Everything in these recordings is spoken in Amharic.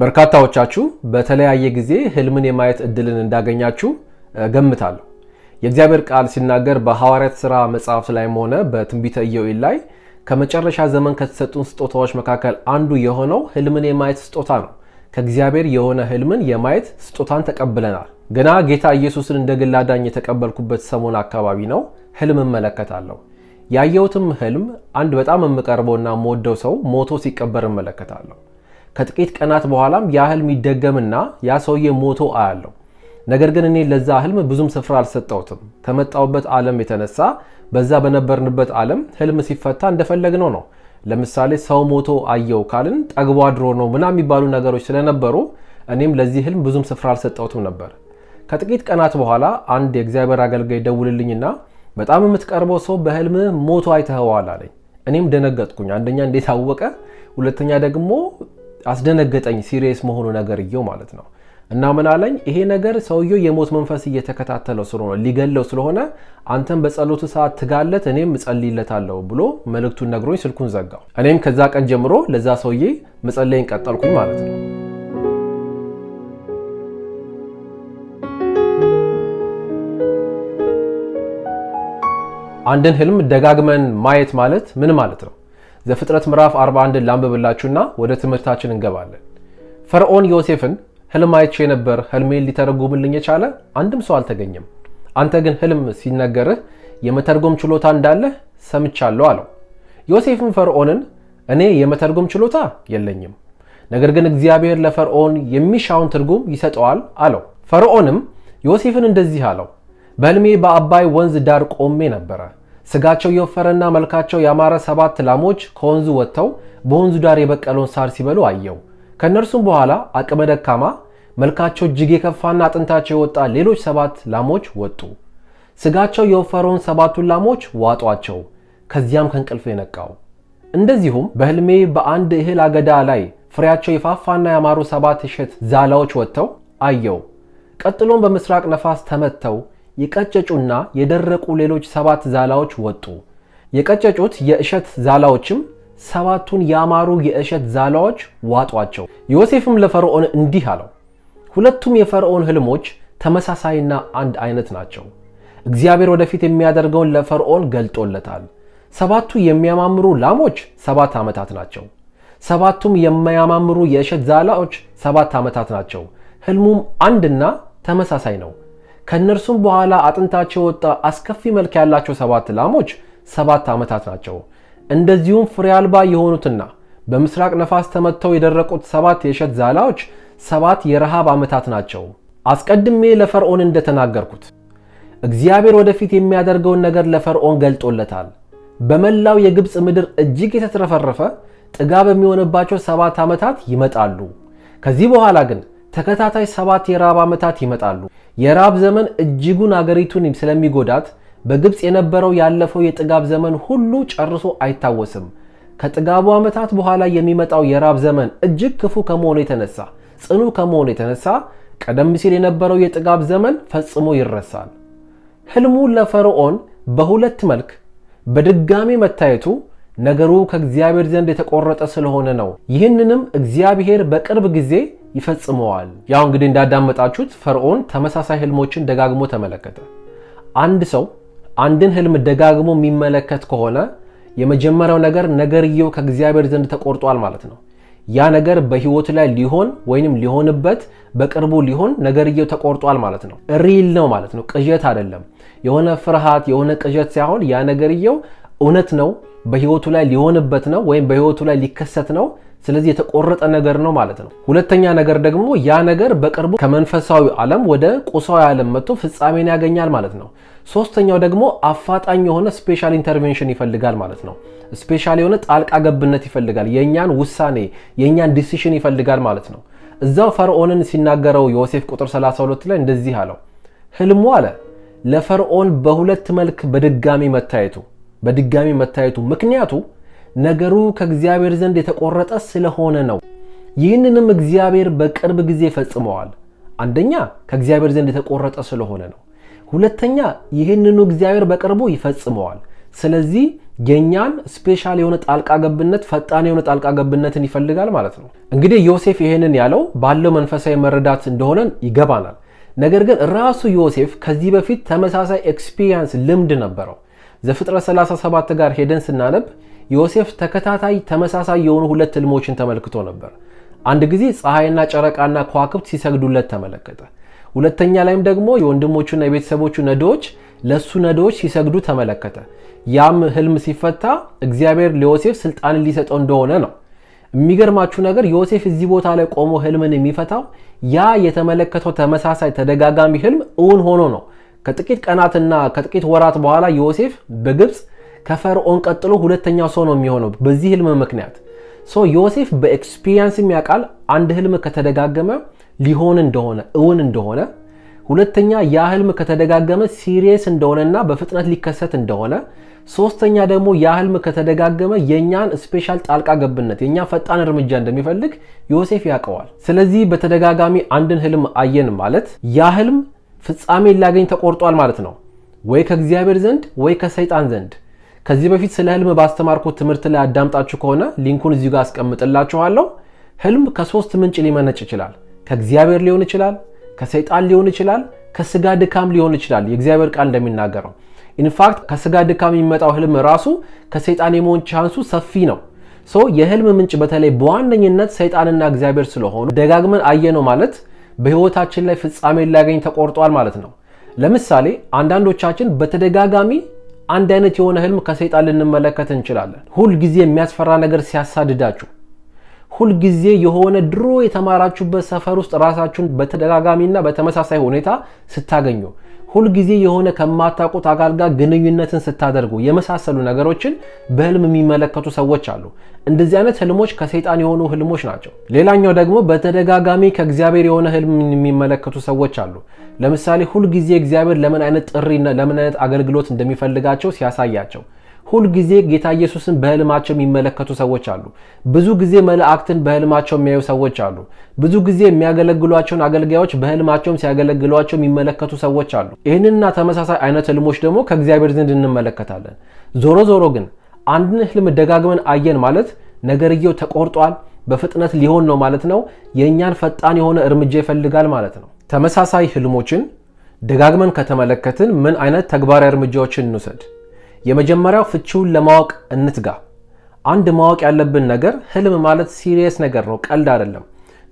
በርካታዎቻችሁ በተለያየ ጊዜ ህልምን የማየት እድልን እንዳገኛችሁ ገምታለሁ። የእግዚአብሔር ቃል ሲናገር በሐዋርያት ሥራ መጽሐፍ ላይም ሆነ በትንቢተ ኢዮኤል ላይ ከመጨረሻ ዘመን ከተሰጡን ስጦታዎች መካከል አንዱ የሆነው ህልምን የማየት ስጦታ ነው። ከእግዚአብሔር የሆነ ህልምን የማየት ስጦታን ተቀብለናል። ገና ጌታ ኢየሱስን እንደ ግል አዳኝ የተቀበልኩበት ሰሞን አካባቢ ነው ህልም እመለከታለሁ። ያየሁትም ህልም አንድ በጣም የምቀርበውና የምወደው ሰው ሞቶ ሲቀበር እመለከታለሁ። ከጥቂት ቀናት በኋላም ያ ህልም ይደገምና ያ ሰውዬ ሞቶ አያለው። ነገር ግን እኔ ለዛ ህልም ብዙም ስፍራ አልሰጠውትም። ከመጣውበት ዓለም የተነሳ በዛ በነበርንበት ዓለም ህልም ሲፈታ እንደፈለግነው ነው። ለምሳሌ ሰው ሞቶ አየው ካልን ጠግቦ አድሮ ነው ምናም የሚባሉ ነገሮች ስለነበሩ እኔም ለዚህ ህልም ብዙም ስፍራ አልሰጠውትም ነበር። ከጥቂት ቀናት በኋላ አንድ የእግዚአብሔር አገልጋይ ደውልልኝና በጣም የምትቀርበው ሰው በህልም ሞቶ አይተኸዋል አለኝ። እኔም ደነገጥኩኝ። አንደኛ እንዴት አወቀ፣ ሁለተኛ ደግሞ አስደነገጠኝ ሲሪየስ መሆኑ ነገርየው ማለት ነው። እና ምን አለኝ ይሄ ነገር ሰውየው የሞት መንፈስ እየተከታተለው ስለሆነ ሊገለው ስለሆነ አንተም በጸሎቱ ሰዓት ትጋለት እኔም እጸልይለታለሁ ብሎ መልእክቱን ነግሮኝ ስልኩን ዘጋው። እኔም ከዛ ቀን ጀምሮ ለዛ ሰውዬ መጸለይን ቀጠልኩኝ ማለት ነው። አንድን ህልም ደጋግመን ማየት ማለት ምን ማለት ነው? ዘፍጥረት ምዕራፍ 41ን ላንብብላችሁና ወደ ትምህርታችን እንገባለን። ፈርዖን ዮሴፍን ህልም አይቼ ነበር፣ ህልሜን ሊተረጉምልኝ የቻለ አንድም ሰው አልተገኘም። አንተ ግን ህልም ሲነገርህ የመተርጎም ችሎታ እንዳለህ ሰምቻለሁ አለው። ዮሴፍም ፈርዖንን እኔ የመተርጎም ችሎታ የለኝም፣ ነገር ግን እግዚአብሔር ለፈርዖን የሚሻውን ትርጉም ይሰጠዋል አለው። ፈርዖንም ዮሴፍን እንደዚህ አለው፣ በህልሜ በአባይ ወንዝ ዳር ቆሜ ነበረ ስጋቸው የወፈረና መልካቸው ያማረ ሰባት ላሞች ከወንዙ ወጥተው በወንዙ ዳር የበቀለውን ሳር ሲበሉ አየው። ከእነርሱም በኋላ አቅመ ደካማ መልካቸው እጅግ የከፋና አጥንታቸው የወጣ ሌሎች ሰባት ላሞች ወጡ። ስጋቸው የወፈረውን ሰባቱን ላሞች ዋጧቸው። ከዚያም ከእንቅልፍ የነቃው እንደዚሁም በሕልሜ በአንድ እህል አገዳ ላይ ፍሬያቸው የፋፋና ያማሩ ሰባት እሸት ዛላዎች ወጥተው አየው። ቀጥሎም በምስራቅ ነፋስ ተመተው የቀጨጩና የደረቁ ሌሎች ሰባት ዛላዎች ወጡ። የቀጨጩት የእሸት ዛላዎችም ሰባቱን ያማሩ የእሸት ዛላዎች ዋጧቸው። ዮሴፍም ለፈርዖን እንዲህ አለው፣ ሁለቱም የፈርዖን ህልሞች ተመሳሳይና አንድ አይነት ናቸው። እግዚአብሔር ወደፊት የሚያደርገውን ለፈርዖን ገልጦለታል። ሰባቱ የሚያማምሩ ላሞች ሰባት ዓመታት ናቸው። ሰባቱም የማያማምሩ የእሸት ዛላዎች ሰባት ዓመታት ናቸው። ህልሙም አንድና ተመሳሳይ ነው። ከእነርሱም በኋላ አጥንታቸው የወጣ አስከፊ መልክ ያላቸው ሰባት ላሞች ሰባት ዓመታት ናቸው። እንደዚሁም ፍሬ አልባ የሆኑትና በምስራቅ ነፋስ ተመትተው የደረቁት ሰባት የእሸት ዛላዎች ሰባት የረሃብ ዓመታት ናቸው። አስቀድሜ ለፈርዖን እንደተናገርኩት እግዚአብሔር ወደፊት የሚያደርገውን ነገር ለፈርዖን ገልጦለታል። በመላው የግብፅ ምድር እጅግ የተትረፈረፈ ጥጋብ የሚሆንባቸው ሰባት ዓመታት ይመጣሉ። ከዚህ በኋላ ግን ተከታታይ ሰባት የራብ ዓመታት ይመጣሉ። የራብ ዘመን እጅጉን አገሪቱን ስለሚጎዳት በግብፅ የነበረው ያለፈው የጥጋብ ዘመን ሁሉ ጨርሶ አይታወስም። ከጥጋቡ ዓመታት በኋላ የሚመጣው የራብ ዘመን እጅግ ክፉ ከመሆኑ የተነሳ ጽኑ ከመሆኑ የተነሳ ቀደም ሲል የነበረው የጥጋብ ዘመን ፈጽሞ ይረሳል። ህልሙ ለፈርዖን በሁለት መልክ በድጋሚ መታየቱ ነገሩ ከእግዚአብሔር ዘንድ የተቆረጠ ስለሆነ ነው። ይህንንም እግዚአብሔር በቅርብ ጊዜ ይፈጽመዋል። ያው እንግዲህ እንዳዳመጣችሁት ፈርዖን ተመሳሳይ ህልሞችን ደጋግሞ ተመለከተ። አንድ ሰው አንድን ህልም ደጋግሞ የሚመለከት ከሆነ የመጀመሪያው ነገር ነገርየው ከእግዚአብሔር ዘንድ ተቆርጧል ማለት ነው። ያ ነገር በህይወቱ ላይ ሊሆን ወይንም ሊሆንበት በቅርቡ ሊሆን ነገርየው ተቆርጧል ማለት ነው። ሪል ነው ማለት ነው። ቅዠት አይደለም። የሆነ ፍርሃት የሆነ ቅዠት ሳይሆን ያ ነገርየው እውነት ነው፣ በህይወቱ ላይ ሊሆንበት ነው ወይም በህይወቱ ላይ ሊከሰት ነው። ስለዚህ የተቆረጠ ነገር ነው ማለት ነው። ሁለተኛ ነገር ደግሞ ያ ነገር በቅርቡ ከመንፈሳዊ ዓለም ወደ ቁሳዊ ዓለም መጥቶ ፍጻሜን ያገኛል ማለት ነው። ሶስተኛው ደግሞ አፋጣኝ የሆነ ስፔሻል ኢንተርቬንሽን ይፈልጋል ማለት ነው። ስፔሻል የሆነ ጣልቃ ገብነት ይፈልጋል። የእኛን ውሳኔ የእኛን ዲሲሽን ይፈልጋል ማለት ነው። እዛው ፈርዖንን ሲናገረው ዮሴፍ ቁጥር 32 ላይ እንደዚህ አለው፣ ህልሙ አለ ለፈርዖን በሁለት መልክ በድጋሚ መታየቱ በድጋሚ መታየቱ ምክንያቱ ነገሩ ከእግዚአብሔር ዘንድ የተቆረጠ ስለሆነ ነው። ይህንንም እግዚአብሔር በቅርብ ጊዜ ፈጽመዋል። አንደኛ ከእግዚአብሔር ዘንድ የተቆረጠ ስለሆነ ነው። ሁለተኛ ይህንኑ እግዚአብሔር በቅርቡ ይፈጽመዋል። ስለዚህ የእኛን ስፔሻል የሆነ ጣልቃ ገብነት፣ ፈጣን የሆነ ጣልቃ ገብነትን ይፈልጋል ማለት ነው። እንግዲህ ዮሴፍ ይህንን ያለው ባለው መንፈሳዊ መረዳት እንደሆነን ይገባናል። ነገር ግን ራሱ ዮሴፍ ከዚህ በፊት ተመሳሳይ ኤክስፒሪየንስ ልምድ ነበረው። ዘፍጥረት 37 ጋር ሄደን ስናነብ ዮሴፍ ተከታታይ ተመሳሳይ የሆኑ ሁለት ህልሞችን ተመልክቶ ነበር። አንድ ጊዜ ፀሐይና ጨረቃና ከዋክብት ሲሰግዱለት ተመለከተ። ሁለተኛ ላይም ደግሞ የወንድሞቹና የቤተሰቦቹ ነዶዎች ለእሱ ነዶዎች ሲሰግዱ ተመለከተ። ያም ህልም ሲፈታ እግዚአብሔር ለዮሴፍ ስልጣንን ሊሰጠው እንደሆነ ነው። የሚገርማችሁ ነገር ዮሴፍ እዚህ ቦታ ላይ ቆሞ ህልምን የሚፈታው ያ የተመለከተው ተመሳሳይ ተደጋጋሚ ህልም እውን ሆኖ ነው። ከጥቂት ቀናትና ከጥቂት ወራት በኋላ ዮሴፍ በግብፅ ከፈርዖን ቀጥሎ ሁለተኛ ሰው ነው የሚሆነው በዚህ ህልም ምክንያት። ዮሴፍ በኤክስፒሪየንስ ያውቃል አንድ ህልም ከተደጋገመ ሊሆን እንደሆነ እውን እንደሆነ፣ ሁለተኛ ያ ህልም ከተደጋገመ ሲሪየስ እንደሆነና በፍጥነት ሊከሰት እንደሆነ፣ ሶስተኛ ደግሞ ያ ህልም ከተደጋገመ የእኛን ስፔሻል ጣልቃ ገብነት የእኛ ፈጣን እርምጃ እንደሚፈልግ ዮሴፍ ያውቀዋል። ስለዚህ በተደጋጋሚ አንድን ህልም አየን ማለት ያ ህልም ፍጻሜ ላገኝ ተቆርጧል ማለት ነው። ወይ ከእግዚአብሔር ዘንድ ወይ ከሰይጣን ዘንድ። ከዚህ በፊት ስለ ህልም ባስተማርኩት ትምህርት ላይ አዳምጣችሁ ከሆነ ሊንኩን እዚሁ ጋር አስቀምጥላችኋለሁ። ህልም ከሶስት ምንጭ ሊመነጭ ይችላል። ከእግዚአብሔር ሊሆን ይችላል፣ ከሰይጣን ሊሆን ይችላል፣ ከስጋ ድካም ሊሆን ይችላል። የእግዚአብሔር ቃል እንደሚናገረው ኢንፋክት ከስጋ ድካም የሚመጣው ህልም ራሱ ከሰይጣን የመሆን ቻንሱ ሰፊ ነው። ሰው የህልም ምንጭ በተለይ በዋነኝነት ሰይጣንና እግዚአብሔር ስለሆኑ ደጋግመን አየነው ማለት በህይወታችን ላይ ፍጻሜ ሊያገኝ ተቆርጧል ማለት ነው። ለምሳሌ አንዳንዶቻችን በተደጋጋሚ አንድ አይነት የሆነ ህልም ከሰይጣን ልንመለከት እንችላለን። ሁልጊዜ የሚያስፈራ ነገር ሲያሳድዳችሁ፣ ሁልጊዜ የሆነ ድሮ የተማራችሁበት ሰፈር ውስጥ ራሳችሁን በተደጋጋሚና በተመሳሳይ ሁኔታ ስታገኙ ሁልጊዜ የሆነ ከማታውቁት አካል ጋር ግንኙነትን ስታደርጉ የመሳሰሉ ነገሮችን በህልም የሚመለከቱ ሰዎች አሉ። እንደዚህ አይነት ህልሞች ከሰይጣን የሆኑ ህልሞች ናቸው። ሌላኛው ደግሞ በተደጋጋሚ ከእግዚአብሔር የሆነ ህልም የሚመለከቱ ሰዎች አሉ። ለምሳሌ ሁልጊዜ እግዚአብሔር ለምን አይነት ጥሪ፣ ለምን አይነት አገልግሎት እንደሚፈልጋቸው ሲያሳያቸው ሁልጊዜ ጌታ ኢየሱስን በህልማቸው የሚመለከቱ ሰዎች አሉ። ብዙ ጊዜ መላእክትን በህልማቸው የሚያዩ ሰዎች አሉ። ብዙ ጊዜ የሚያገለግሏቸውን አገልጋዮች በህልማቸውም ሲያገለግሏቸው የሚመለከቱ ሰዎች አሉ። ይህንንና ተመሳሳይ አይነት ህልሞች ደግሞ ከእግዚአብሔር ዘንድ እንመለከታለን። ዞሮ ዞሮ ግን አንድን ህልም ደጋግመን አየን ማለት ነገርየው ተቆርጧል፣ በፍጥነት ሊሆን ነው ማለት ነው። የእኛን ፈጣን የሆነ እርምጃ ይፈልጋል ማለት ነው። ተመሳሳይ ህልሞችን ደጋግመን ከተመለከትን ምን አይነት ተግባራዊ እርምጃዎችን እንውሰድ? የመጀመሪያው ፍቺውን ለማወቅ እንትጋ። አንድ ማወቅ ያለብን ነገር ህልም ማለት ሲሪየስ ነገር ነው፣ ቀልድ አይደለም።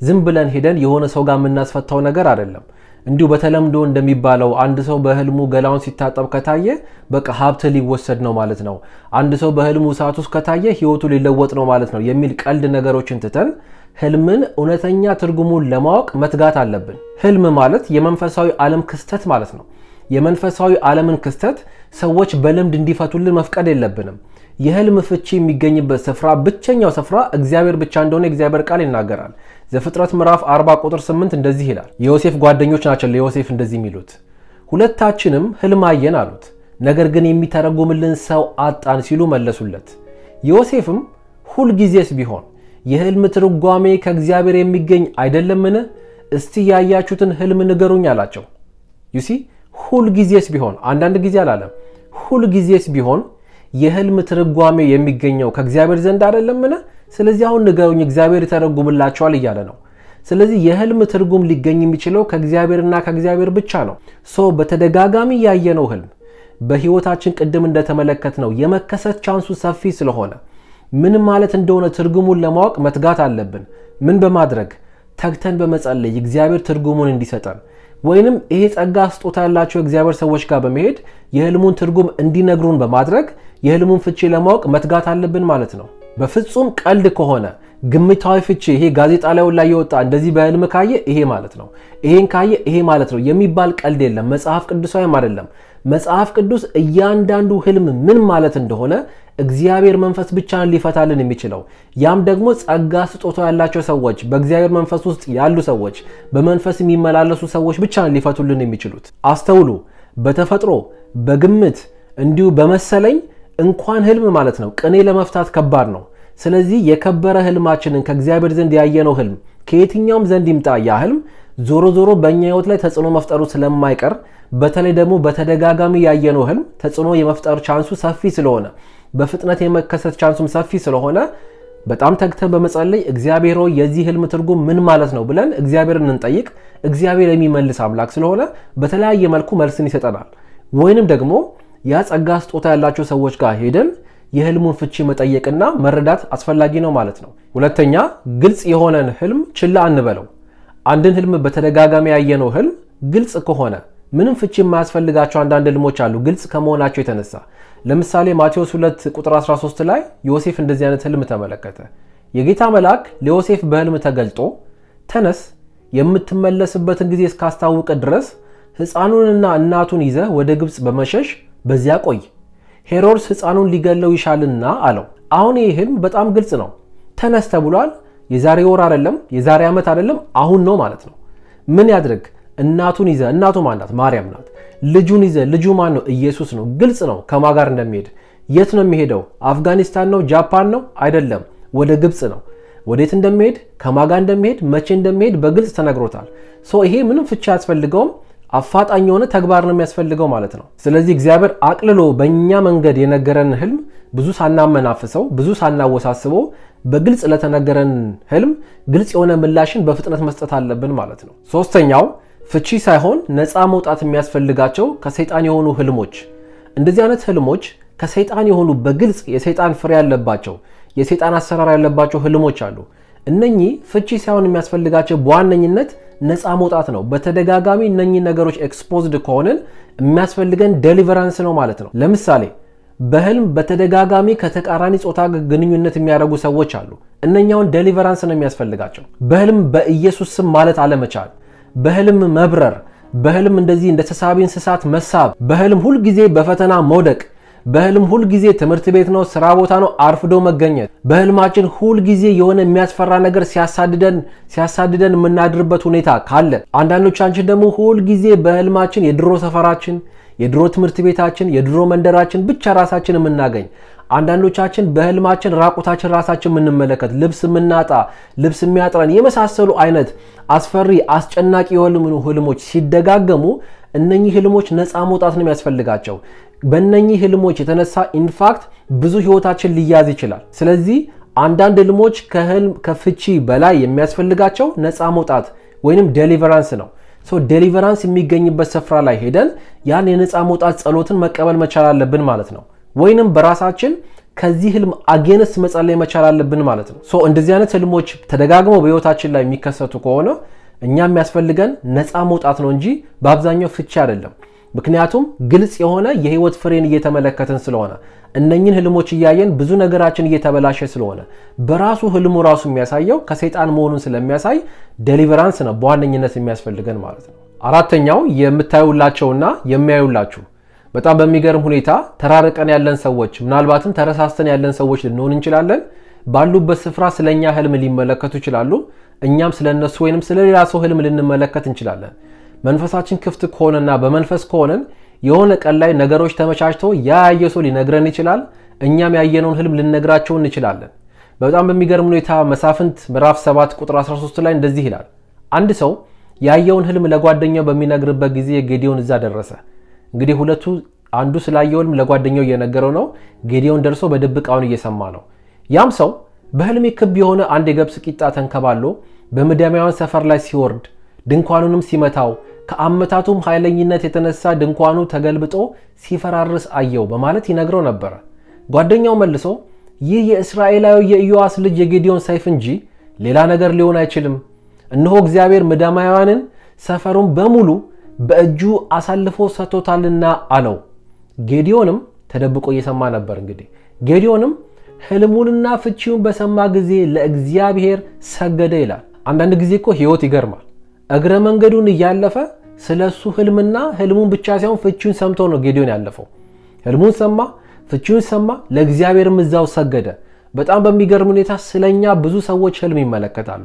ዝም ብለን ሄደን የሆነ ሰው ጋር የምናስፈታው ነገር አይደለም። እንዲሁ በተለምዶ እንደሚባለው አንድ ሰው በህልሙ ገላውን ሲታጠብ ከታየ በቃ ሀብት ሊወሰድ ነው ማለት ነው። አንድ ሰው በህልሙ ሰዓት ውስጥ ከታየ ህይወቱ ሊለወጥ ነው ማለት ነው የሚል ቀልድ ነገሮችን ትተን ህልምን እውነተኛ ትርጉሙን ለማወቅ መትጋት አለብን። ህልም ማለት የመንፈሳዊ ዓለም ክስተት ማለት ነው። የመንፈሳዊ ዓለምን ክስተት ሰዎች በልምድ እንዲፈቱልን መፍቀድ የለብንም። የህልም ፍቺ የሚገኝበት ስፍራ ብቸኛው ስፍራ እግዚአብሔር ብቻ እንደሆነ እግዚአብሔር ቃል ይናገራል። ዘፍጥረት ምዕራፍ 40 ቁጥር 8 እንደዚህ ይላል። የዮሴፍ ጓደኞች ናቸው ለዮሴፍ እንደዚህ የሚሉት ሁለታችንም ህልም አየን አሉት፣ ነገር ግን የሚተረጉምልን ሰው አጣን ሲሉ መለሱለት። ዮሴፍም ሁልጊዜስ ቢሆን የህልም ትርጓሜ ከእግዚአብሔር የሚገኝ አይደለምን? እስቲ ያያችሁትን ህልም ንገሩኝ አላቸው ዩሲ ሁልጊዜስ ቢሆን አንዳንድ ጊዜ አላለም፣ ሁልጊዜስ ቢሆን የህልም ትርጓሜ የሚገኘው ከእግዚአብሔር ዘንድ አይደለምን? ስለዚህ አሁን ንገሩኝ፣ እግዚአብሔር ይተረጉምላቸዋል እያለ ነው። ስለዚህ የህልም ትርጉም ሊገኝ የሚችለው ከእግዚአብሔርና ከእግዚአብሔር ብቻ ነው። ሶ በተደጋጋሚ ያየነው ህልም በህይወታችን ቅድም እንደተመለከት ነው የመከሰት ቻንሱ ሰፊ ስለሆነ ምን ማለት እንደሆነ ትርጉሙን ለማወቅ መትጋት አለብን። ምን በማድረግ ተግተን በመጸለይ እግዚአብሔር ትርጉሙን እንዲሰጠን ወይንም ይሄ ጸጋ ስጦታ ያላቸው እግዚአብሔር ሰዎች ጋር በመሄድ የህልሙን ትርጉም እንዲነግሩን በማድረግ የህልሙን ፍቺ ለማወቅ መትጋት አለብን ማለት ነው። በፍጹም ቀልድ ከሆነ ግምታዊ ፍቺ ይሄ ጋዜጣ ላይ ላይ የወጣ እንደዚህ በህልም ካየ ይሄ ማለት ነው፣ ይሄን ካየ ይሄ ማለት ነው የሚባል ቀልድ የለም። መጽሐፍ ቅዱሳዊም አይደለም። መጽሐፍ ቅዱስ እያንዳንዱ ህልም ምን ማለት እንደሆነ እግዚአብሔር መንፈስ ብቻን ሊፈታልን የሚችለው ያም ደግሞ ጸጋ ስጦታ ያላቸው ሰዎች፣ በእግዚአብሔር መንፈስ ውስጥ ያሉ ሰዎች፣ በመንፈስ የሚመላለሱ ሰዎች ብቻ ሊፈቱልን የሚችሉት። አስተውሉ። በተፈጥሮ በግምት እንዲሁ በመሰለኝ እንኳን ህልም ማለት ነው ቅኔ ለመፍታት ከባድ ነው። ስለዚህ የከበረ ህልማችንን ከእግዚአብሔር ዘንድ ያየነው ህልም ከየትኛውም ዘንድ ይምጣ ያ ህልም ዞሮ ዞሮ በእኛ ህይወት ላይ ተጽዕኖ መፍጠሩ ስለማይቀር በተለይ ደግሞ በተደጋጋሚ ያየነው ህልም ተጽዕኖ የመፍጠር ቻንሱ ሰፊ ስለሆነ በፍጥነት የመከሰት ቻንሱም ሰፊ ስለሆነ በጣም ተግተን በመጸለይ እግዚአብሔር ሆይ የዚህ ህልም ትርጉም ምን ማለት ነው ብለን እግዚአብሔርን እንጠይቅ። እግዚአብሔር የሚመልስ አምላክ ስለሆነ በተለያየ መልኩ መልስን ይሰጠናል። ወይንም ደግሞ ያ ጸጋ ስጦታ ያላቸው ሰዎች ጋር ሄደን የህልሙን ፍቺ መጠየቅና መረዳት አስፈላጊ ነው ማለት ነው። ሁለተኛ ግልጽ የሆነን ህልም ችላ አንበለው። አንድን ህልም በተደጋጋሚ ያየነው ህልም ግልጽ ከሆነ ምንም ፍቺ የማያስፈልጋቸው አንዳንድ ህልሞች አሉ፣ ግልጽ ከመሆናቸው የተነሳ ለምሳሌ ማቴዎስ 2 ቁጥር 13 ላይ ዮሴፍ እንደዚህ አይነት ህልም ተመለከተ። የጌታ መልአክ ለዮሴፍ በህልም ተገልጦ ተነስ፣ የምትመለስበትን ጊዜ እስካስታውቅ ድረስ ሕፃኑንና እናቱን ይዘህ ወደ ግብፅ በመሸሽ በዚያ ቆይ ሄሮድስ ሕፃኑን ሊገለው ይሻልና አለው። አሁን ይህም በጣም ግልጽ ነው። ተነስ ተብሏል። የዛሬ ወር አይደለም፣ የዛሬ ዓመት አይደለም፣ አሁን ነው ማለት ነው። ምን ያድርግ? እናቱን ይዘ እናቱ ማናት? ማርያም ናት። ልጁን ይዘ ልጁ ማን ነው? ኢየሱስ ነው። ግልጽ ነው ከማ ጋር እንደሚሄድ። የት ነው የሚሄደው? አፍጋኒስታን ነው? ጃፓን ነው? አይደለም፣ ወደ ግብፅ ነው። ወዴት እንደሚሄድ ከማጋ እንደሚሄድ መቼ እንደሚሄድ በግልጽ ተነግሮታል። ይሄ ምንም ፍቻ አያስፈልገውም። አፋጣኝ የሆነ ተግባር ነው የሚያስፈልገው ማለት ነው። ስለዚህ እግዚአብሔር አቅልሎ በእኛ መንገድ የነገረን ህልም ብዙ ሳናመናፍሰው፣ ብዙ ሳናወሳስበው በግልጽ ለተነገረን ህልም ግልጽ የሆነ ምላሽን በፍጥነት መስጠት አለብን ማለት ነው። ሶስተኛው ፍቺ ሳይሆን ነፃ መውጣት የሚያስፈልጋቸው ከሰይጣን የሆኑ ህልሞች። እንደዚህ አይነት ህልሞች ከሰይጣን የሆኑ በግልጽ የሰይጣን ፍሬ ያለባቸው የሰይጣን አሰራር ያለባቸው ህልሞች አሉ። እነኚህ ፍቺ ሳይሆን የሚያስፈልጋቸው በዋነኝነት ነፃ መውጣት ነው። በተደጋጋሚ እነኚህ ነገሮች ኤክስፖዝድ ከሆንን የሚያስፈልገን ደሊቨራንስ ነው ማለት ነው። ለምሳሌ በህልም በተደጋጋሚ ከተቃራኒ ጾታ ግንኙነት የሚያደርጉ ሰዎች አሉ። እነኛውን ደሊቨራንስ ነው የሚያስፈልጋቸው። በህልም በኢየሱስ ስም ማለት አለመቻል፣ በህልም መብረር፣ በህልም እንደዚህ እንደ ተሳቢ እንስሳት መሳብ፣ በህልም ሁልጊዜ በፈተና መውደቅ በህልም ሁልጊዜ ትምህርት ቤት ነው፣ ስራ ቦታ ነው፣ አርፍዶ መገኘት። በህልማችን ሁልጊዜ የሆነ የሚያስፈራ ነገር ሲያሳድደን ሲያሳድደን የምናድርበት ሁኔታ ካለ፣ አንዳንዶቻችን ደግሞ ሁልጊዜ በህልማችን የድሮ ሰፈራችን፣ የድሮ ትምህርት ቤታችን፣ የድሮ መንደራችን ብቻ ራሳችን የምናገኝ አንዳንዶቻችን በህልማችን ራቁታችን ራሳችን የምንመለከት ልብስ የምናጣ ልብስ የሚያጥረን የመሳሰሉ አይነት አስፈሪ አስጨናቂ የሆኑ ህልሞች ሲደጋገሙ እነኚህ ህልሞች ነፃ መውጣት ነው የሚያስፈልጋቸው። በእነኚህ ህልሞች የተነሳ ኢንፋክት ብዙ ህይወታችን ሊያዝ ይችላል። ስለዚህ አንዳንድ ህልሞች ከህልም ከፍቺ በላይ የሚያስፈልጋቸው ነፃ መውጣት ወይንም ዴሊቨራንስ ነው። ሶ ዴሊቨራንስ የሚገኝበት ስፍራ ላይ ሄደን ያን የነፃ መውጣት ጸሎትን መቀበል መቻል አለብን ማለት ነው። ወይንም በራሳችን ከዚህ ህልም አጌንስት መጸለይ መቻል አለብን ማለት ነው። ሶ እንደዚህ አይነት ህልሞች ተደጋግመው በህይወታችን ላይ የሚከሰቱ ከሆነ እኛ የሚያስፈልገን ነፃ መውጣት ነው እንጂ በአብዛኛው ፍቺ አይደለም። ምክንያቱም ግልጽ የሆነ የህይወት ፍሬን እየተመለከትን ስለሆነ እነኝን ህልሞች እያየን ብዙ ነገራችን እየተበላሸ ስለሆነ በራሱ ህልሙ ራሱ የሚያሳየው ከሰይጣን መሆኑን ስለሚያሳይ ደሊቨራንስ ነው በዋነኝነት የሚያስፈልገን ማለት ነው። አራተኛው የምታዩላቸውና የሚያዩላችሁ በጣም በሚገርም ሁኔታ ተራርቀን ያለን ሰዎች ምናልባትም ተረሳስተን ያለን ሰዎች ልንሆን እንችላለን። ባሉበት ስፍራ ስለኛ ህልም ሊመለከቱ ይችላሉ። እኛም ስለነሱ ወይንም ስለሌላ ሰው ህልም ልንመለከት እንችላለን። መንፈሳችን ክፍት ከሆነና በመንፈስ ከሆነን የሆነ ቀን ላይ ነገሮች ተመቻችቶ ያ ሰው ሊነግረን ይችላል። እኛም ያየነውን ህልም ልነግራቸው እንችላለን። በጣም በሚገርም ሁኔታ መሳፍንት ምዕራፍ 7 ቁጥር 13 ላይ እንደዚህ ይላል። አንድ ሰው ያየውን ህልም ለጓደኛው በሚነግርበት ጊዜ ጌዲዮን እዛ ደረሰ። እንግዲህ ሁለቱ አንዱ ስላየው ህልም ለጓደኛው እየነገረው ነው። ጌዲዮን ደርሶ በድብቅ አሁን እየሰማ ነው። ያም ሰው በህልሜ ክብ የሆነ አንድ የገብስ ቂጣ ተንከባሎ በምድያማውያን ሰፈር ላይ ሲወርድ ድንኳኑንም ሲመታው ከአመታቱም ኃይለኝነት የተነሳ ድንኳኑ ተገልብጦ ሲፈራርስ አየው በማለት ይነግረው ነበረ። ጓደኛው መልሶ ይህ የእስራኤላዊ የኢዮዋስ ልጅ የጌዲዮን ሰይፍ እንጂ ሌላ ነገር ሊሆን አይችልም። እነሆ እግዚአብሔር ምዳማውያንን ሰፈሩን በሙሉ በእጁ አሳልፎ ሰጥቶታልና አለው። ጌዲዮንም ተደብቆ እየሰማ ነበር። እንግዲህ ጌዲዮንም ህልሙንና ፍቺውን በሰማ ጊዜ ለእግዚአብሔር ሰገደ ይላል። አንዳንድ ጊዜ እኮ ህይወት ይገርማል። እግረ መንገዱን እያለፈ ስለ እሱ ህልምና ህልሙን ብቻ ሳይሆን ፍቺውን ሰምቶ ነው ጌዲዮን ያለፈው። ህልሙን ሰማ፣ ፍቺውን ሰማ፣ ለእግዚአብሔርም እዛው ሰገደ። በጣም በሚገርም ሁኔታ ስለኛ ብዙ ሰዎች ህልም ይመለከታሉ።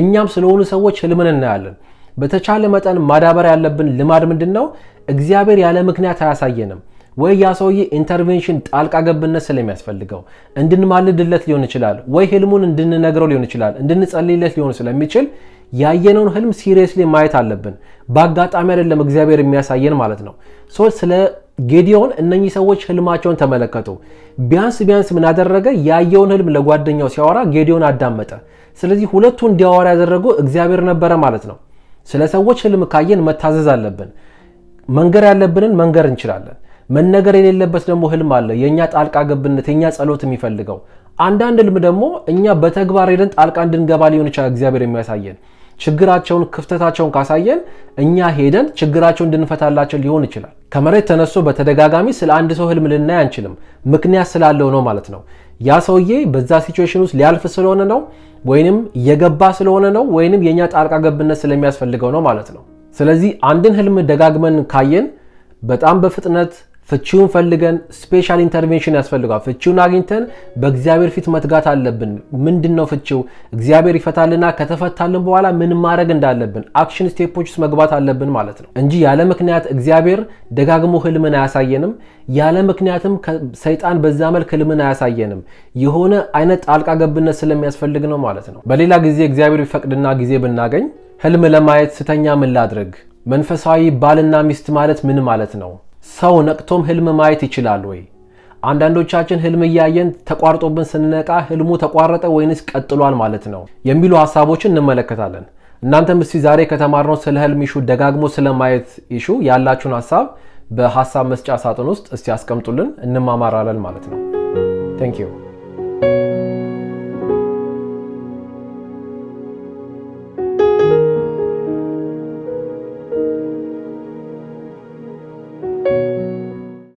እኛም ስለሆኑ ሰዎች ህልምን እናያለን። በተቻለ መጠን ማዳበር ያለብን ልማድ ምንድን ነው? እግዚአብሔር ያለ ምክንያት አያሳየንም ወይ ያ ሰውዬ ኢንተርቬንሽን ጣልቃ ገብነት ስለሚያስፈልገው እንድንማልድለት ሊሆን ይችላል፣ ወይ ህልሙን እንድንነግረው ሊሆን ይችላል፣ እንድንጸልይለት ሊሆን ስለሚችል ያየነውን ህልም ሲሪየስሊ ማየት አለብን። በአጋጣሚ አይደለም እግዚአብሔር የሚያሳየን ማለት ነው። ሰዎች ስለ ጌዲዮን እነኚህ ሰዎች ህልማቸውን ተመለከቱ። ቢያንስ ቢያንስ ምን አደረገ? ያየውን ህልም ለጓደኛው ሲያወራ ጌዲዮን አዳመጠ። ስለዚህ ሁለቱ እንዲያወራ ያደረገው እግዚአብሔር ነበረ ማለት ነው። ስለ ሰዎች ህልም ካየን መታዘዝ አለብን። መንገር ያለብንን መንገር እንችላለን። መነገር የሌለበት ደግሞ ህልም አለ፣ የእኛ ጣልቃ ገብነት፣ የእኛ ጸሎት የሚፈልገው አንዳንድ ህልም ደግሞ እኛ በተግባር ሄደን ጣልቃ እንድንገባ ሊሆን ይችላል እግዚአብሔር የሚያሳየን ችግራቸውን፣ ክፍተታቸውን ካሳየን እኛ ሄደን ችግራቸውን እንድንፈታላቸው ሊሆን ይችላል። ከመሬት ተነስቶ በተደጋጋሚ ስለ አንድ ሰው ህልም ልናይ አንችልም። ምክንያት ስላለው ነው ማለት ነው። ያ ሰውዬ በዛ ሲቹዌሽን ውስጥ ሊያልፍ ስለሆነ ነው ወይንም የገባ ስለሆነ ነው ወይንም የእኛ ጣልቃ ገብነት ስለሚያስፈልገው ነው ማለት ነው። ስለዚህ አንድን ህልም ደጋግመን ካየን በጣም በፍጥነት ፍቺውን ፈልገን ስፔሻል ኢንተርቬንሽን ያስፈልገዋል። ፍቺውን አግኝተን በእግዚአብሔር ፊት መትጋት አለብን። ምንድን ነው ፍቺው? እግዚአብሔር ይፈታልና ከተፈታልን በኋላ ምን ማድረግ እንዳለብን አክሽን ስቴፖች ውስጥ መግባት አለብን ማለት ነው እንጂ ያለ ምክንያት እግዚአብሔር ደጋግሞ ህልምን አያሳየንም። ያለ ምክንያትም ሰይጣን በዛ መልክ ህልምን አያሳየንም። የሆነ አይነት ጣልቃ ገብነት ስለሚያስፈልግ ነው ማለት ነው። በሌላ ጊዜ እግዚአብሔር ቢፈቅድና ጊዜ ብናገኝ ህልም ለማየት ስተኛ ምን ላድረግ መንፈሳዊ ባልና ሚስት ማለት ምን ማለት ነው? ሰው ነቅቶም ህልም ማየት ይችላል ወይ? አንዳንዶቻችን ህልም እያየን ተቋርጦብን ስንነቃ ህልሙ ተቋረጠ ወይንስ ቀጥሏል ማለት ነው የሚሉ ሀሳቦችን እንመለከታለን። እናንተም እስቲ ዛሬ ከተማርነው ስለ ህልም ይሹ ደጋግሞ ስለማየት ይሹ ያላችሁን ሀሳብ በሀሳብ መስጫ ሳጥን ውስጥ እስቲ ያስቀምጡልን፣ እንማማራለን ማለት ነው። ቴንክ ዩ